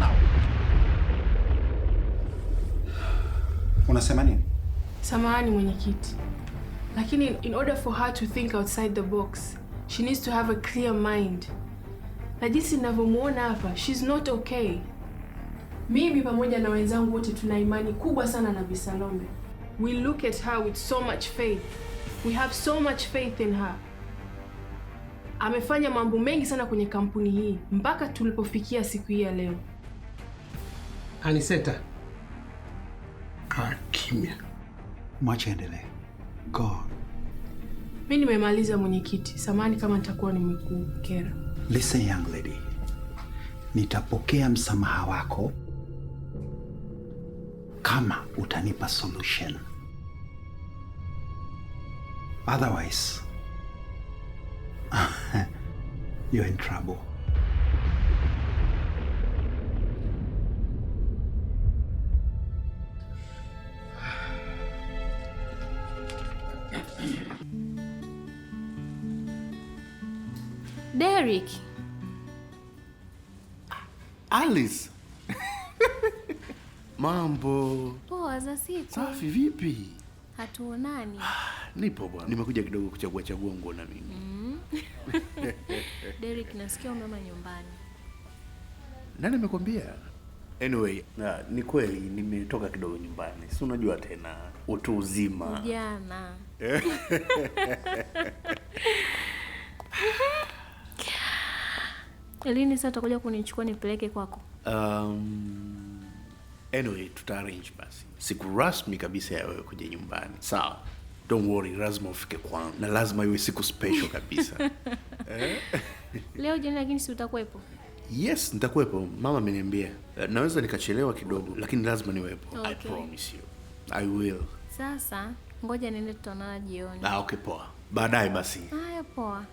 nao. Unasema nini? Samahani mwenyekiti, lakini in order for her to think outside the box she needs to have a clear mind, na jinsi ninavyomuona hapa she's not okay. Mimi pamoja na wenzangu wote tuna imani kubwa sana na Bisalombe. We look at her with so much faith. We have so much faith in her. Amefanya mambo mengi sana kwenye kampuni hii mpaka tulipofikia siku hii ya leo. Aniseta, kaa kimya, mwache endelee. Go. Mi nimemaliza mwenyekiti, samani kama nitakuwa nimekukera. Listen young lady, nitapokea msamaha wako kama utanipa solution, otherwise you're in trouble. Eric. Alice. Mambo. Poa za siku. Safi vipi? Hatuonani. Nipo bwana. Nimekuja kidogo kuchagua chagua nguo na mimi. Mm. Derek, nasikia umema nyumbani. Nani amekwambia? Anyway, na, ah, ni kweli nimetoka kidogo nyumbani. Si unajua tena utu uzima. Jana. Lini sasa utakuja kunichukua nipeleke kwako? Um, anyway, tuta arrange basi siku rasmi kabisa ya wewe kuja nyumbani, sawa? Don't worry, lazima ufike kwangu na lazima iwe siku special kabisa eh? Leo jioni, lakini si utakuwepo? Yes, nitakuwepo. Mama ameniambia eh, naweza nikachelewa kidogo, lakini lazima niwepo. Okay. I promise you. I will. Sasa ngoja niende, tutaonana jioni. Ah, okay, poa. Baadaye basi. Haya, poa.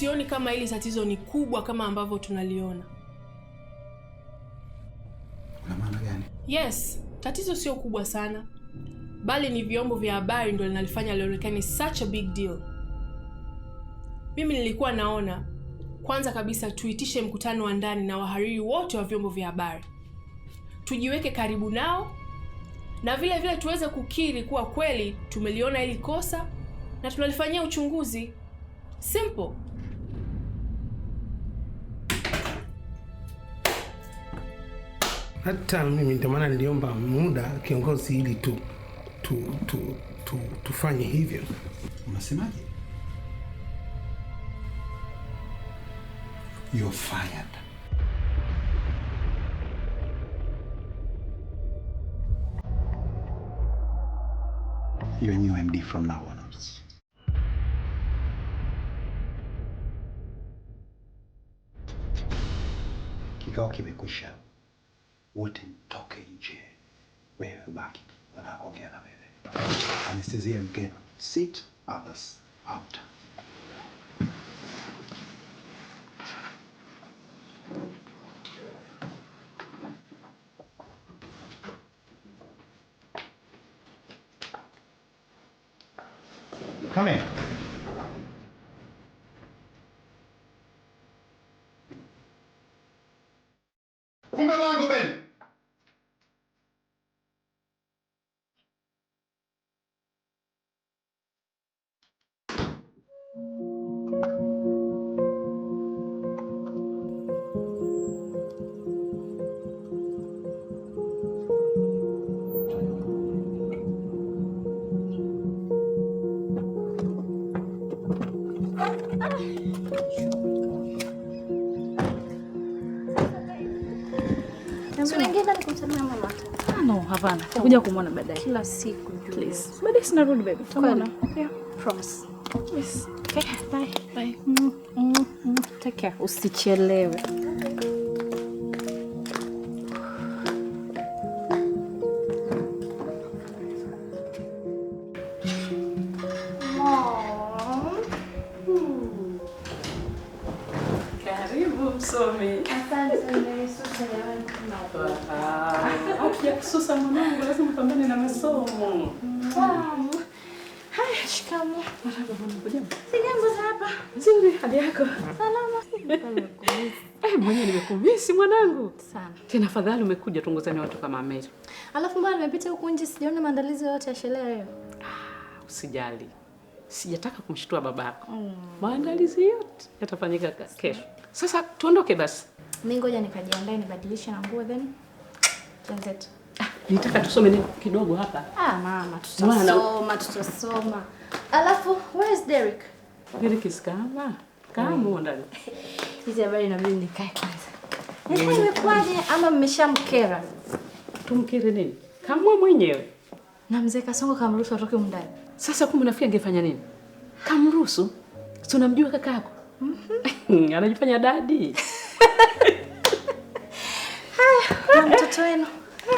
sioni kama hili tatizo ni kubwa kama ambavyo tunaliona. Kuna maana gani? Yes, tatizo sio kubwa sana, bali ni vyombo vya habari ndio linalifanya lionekane such a big deal. Mimi nilikuwa naona kwanza kabisa tuitishe mkutano wa ndani na wahariri wote wa vyombo vya habari, tujiweke karibu nao na vile vile tuweze kukiri kuwa kweli tumeliona hili kosa na tunalifanyia uchunguzi. Simple. Hata mimi ndio maana niliomba muda kiongozi, ili tu, tu, tu, tu tu tufanye hivyo. Unasemaje? You're fired. You're new MD from now on. Kikao kimekwisha wote mtoke nje, wewe baki, anaongea na wewe. Anesthesia you sit others out. Come here. Hapana, kuja kumwona baadaye. Kila siku please. Baadaye sina rudi baby. Tunaona. Yeah. Promise. Yes. Okay. Bye. Bye. Mm, mm, mm. Take care. Usichelewe. Mm Eh, Mwenye nimekumisi mwanangu sana. Tena fadhali umekuja tunguzani watu kama Mary. Alafu mbona nimepita huku nje sijaona maandalizi yote ya sherehe hiyo. Ah, usijali. Sijataka kumshtua babako. Mm. Maandalizi yote yatafanyika kesho. Sasa tuondoke basi. Mimi ngoja nikajiandae nibadilishe na nguo then. Tuanzetu. Ah, nitaka tusome kidogo hapa. Ah, mama tutasoma, tutasoma. Alafu where is Derek? Derek is kama kama mm. ndani. Hizi habari inabidi nikae kwanza. Sasa imekuwaje ama mmeshamkera? Tumkere nini? Kama mwenyewe. Na mzee Kasongo kamruhusu atoke huko ndani. Sasa kumbe nafikiri angefanya nini? Kamruhusu? Si unamjua kaka yako? Mhm. Anajifanya dadi. Haya, mtoto wenu.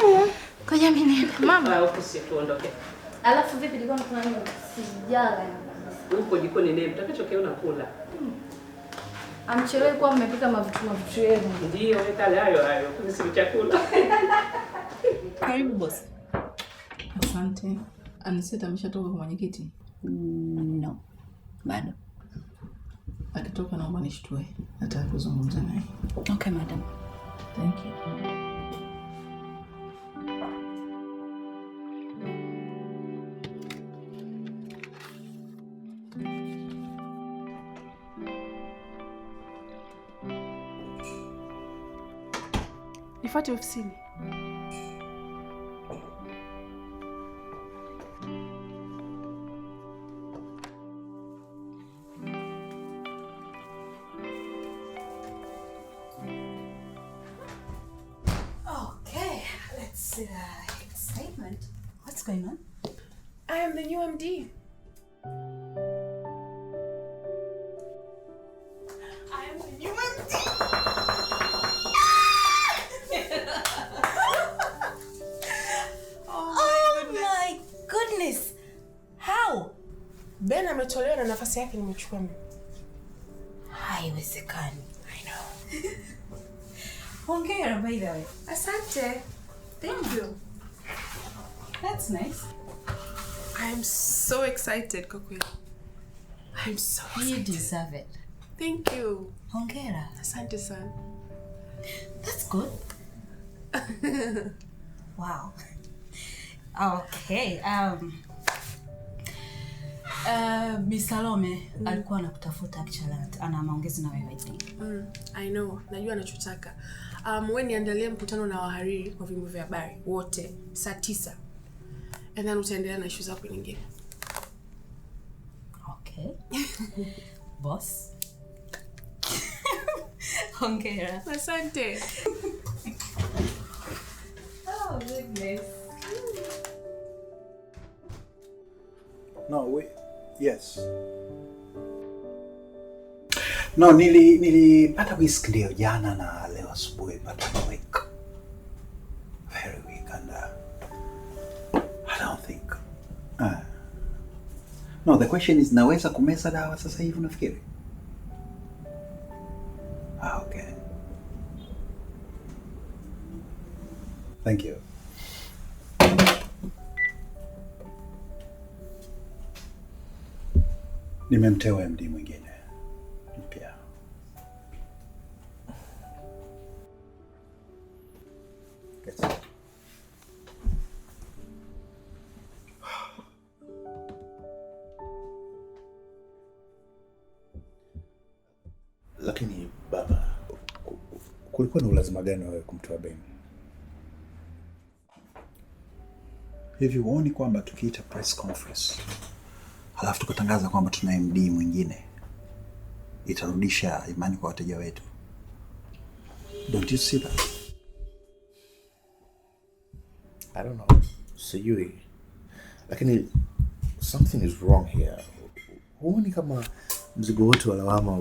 Haya. Ngoja mimi nenda. Mama, usituondoke. Alafu vipi nilikuwa nafanya sijala huko jikoni nene mtakachokiona kula. Hmm. Amchelewe kwa mmepika mavitu mavitu yenu. Ndio, weka hayo hayo. Kuna sisi chakula. Karibu boss. Asante. Aniseta ameshatoka kwa mwenyekiti? No. Bado. Akitoka naomba nishtue. Nataka kuzungumza naye. Okay, madam. Thank you. Okay, let nifuate uh, ofisini. Excitement. What's going on? I am the new MD. Ben ametolewa na nafasi yake nimechukua mimi. Haiwezekani. I know. Hongera by the way. Asante. Thank you. That's nice. I am so excited kwa kweli. I so excited. You deserve it. Thank you. Hongera. Asante sana. That's good. wow. Okay, um Eh, Miss Bi Salome mm. alikuwa anakutafuta Kichalata. Ana maongezi na wewe I think. Mm, I know. Najua anachotaka. Um, wewe niandalie mkutano na wahariri kwa vyombo vya habari wote saa tisa. And then utaendelea na issue zako nyingine. Okay. Boss. Hongera. Asante. Oh, goodness. No, wait. Yes. No, nili nilipata whisk ndio jana na leo asubuhi but I'm weak. Very weak and uh, I don't think. Uh, no, the question is naweza kumeza dawa sasa hivi unafikiri? Ah, okay. Thank you. Nimemteua MD mwingine mpya. Lakini baba, kulikuwa na ulazima gani wewe kumtoa Ben? Hivi huoni kwamba tukiita press conference alafu tukatangaza kwamba tuna MD mwingine, itarudisha imani kwa wateja wetu. Don't you see that? I don't know. Sijui, lakini something is wrong here. Huoni kama mzigo wote wa lawama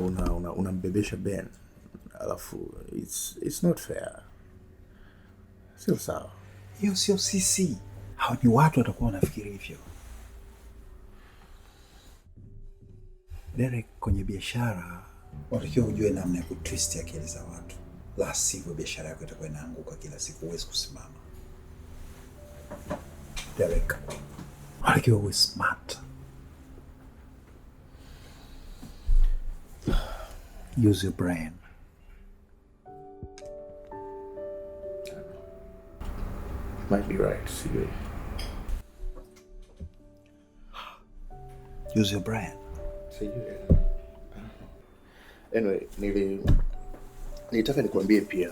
unambebesha una, una Ben? Alafu it's, it's not fair. Sio sawa hiyo, sio sisi. Hawa ni watu watakuwa wanafikiri hivyo. Derek, kwenye biashara unatakiwa ujue namna ya kutwist akili za watu, la sivyo biashara yako itakuwa inaanguka kila siku, huwezi kusimama. Derek, unatakiwa uwe smart. Use your brain. You might be right, CJ. Use your brain sijui anyway, nili nilitaka nikuambie pia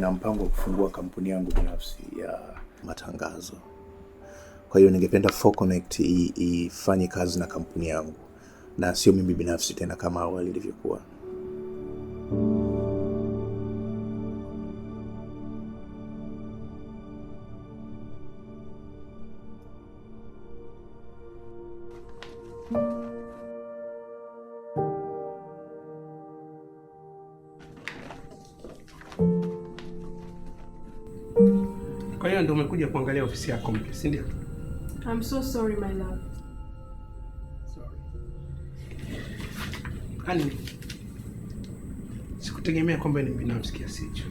na mpango wa kufungua kampuni yangu binafsi ya matangazo. Kwa hiyo ningependa ifanye kazi na kampuni yangu na sio mimi binafsi tena kama awali ilivyokuwa. jana ndio umekuja kuangalia ofisi yako mpya, si ndio? I'm so sorry my love. Sorry. Ani, sikutegemea kwamba ni binafsi kiasi hicho.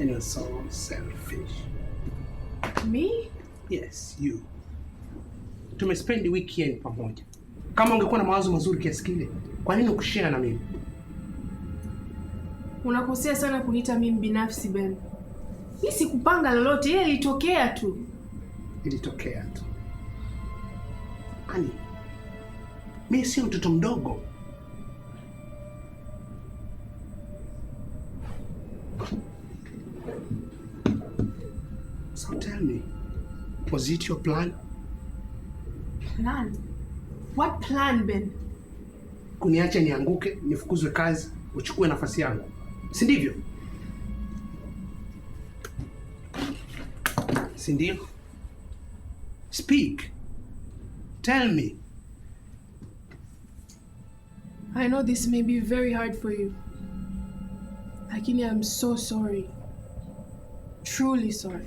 You're so selfish. Me? Yes, you. Tumespend weekend pamoja. Kama ungekuwa na mawazo mazuri kiasi kile, kwa nini ukushare na mimi? Unakosea sana kuniita mimi binafsi Ben. Mimi sikupanga lolote, yeye ilitokea tu. Ilitokea tu. Ani, mimi sio mtoto mdogo. So tell me, was it your plan? Plan? What plan Ben? Kuniacha nianguke, nifukuzwe kazi, uchukue nafasi yangu. si ndivyo? Speak. Tell me. I know this may be very hard for you. Lakini I'm so sorry. Truly sorry.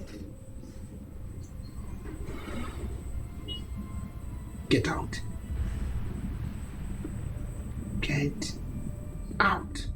Get out. Get out.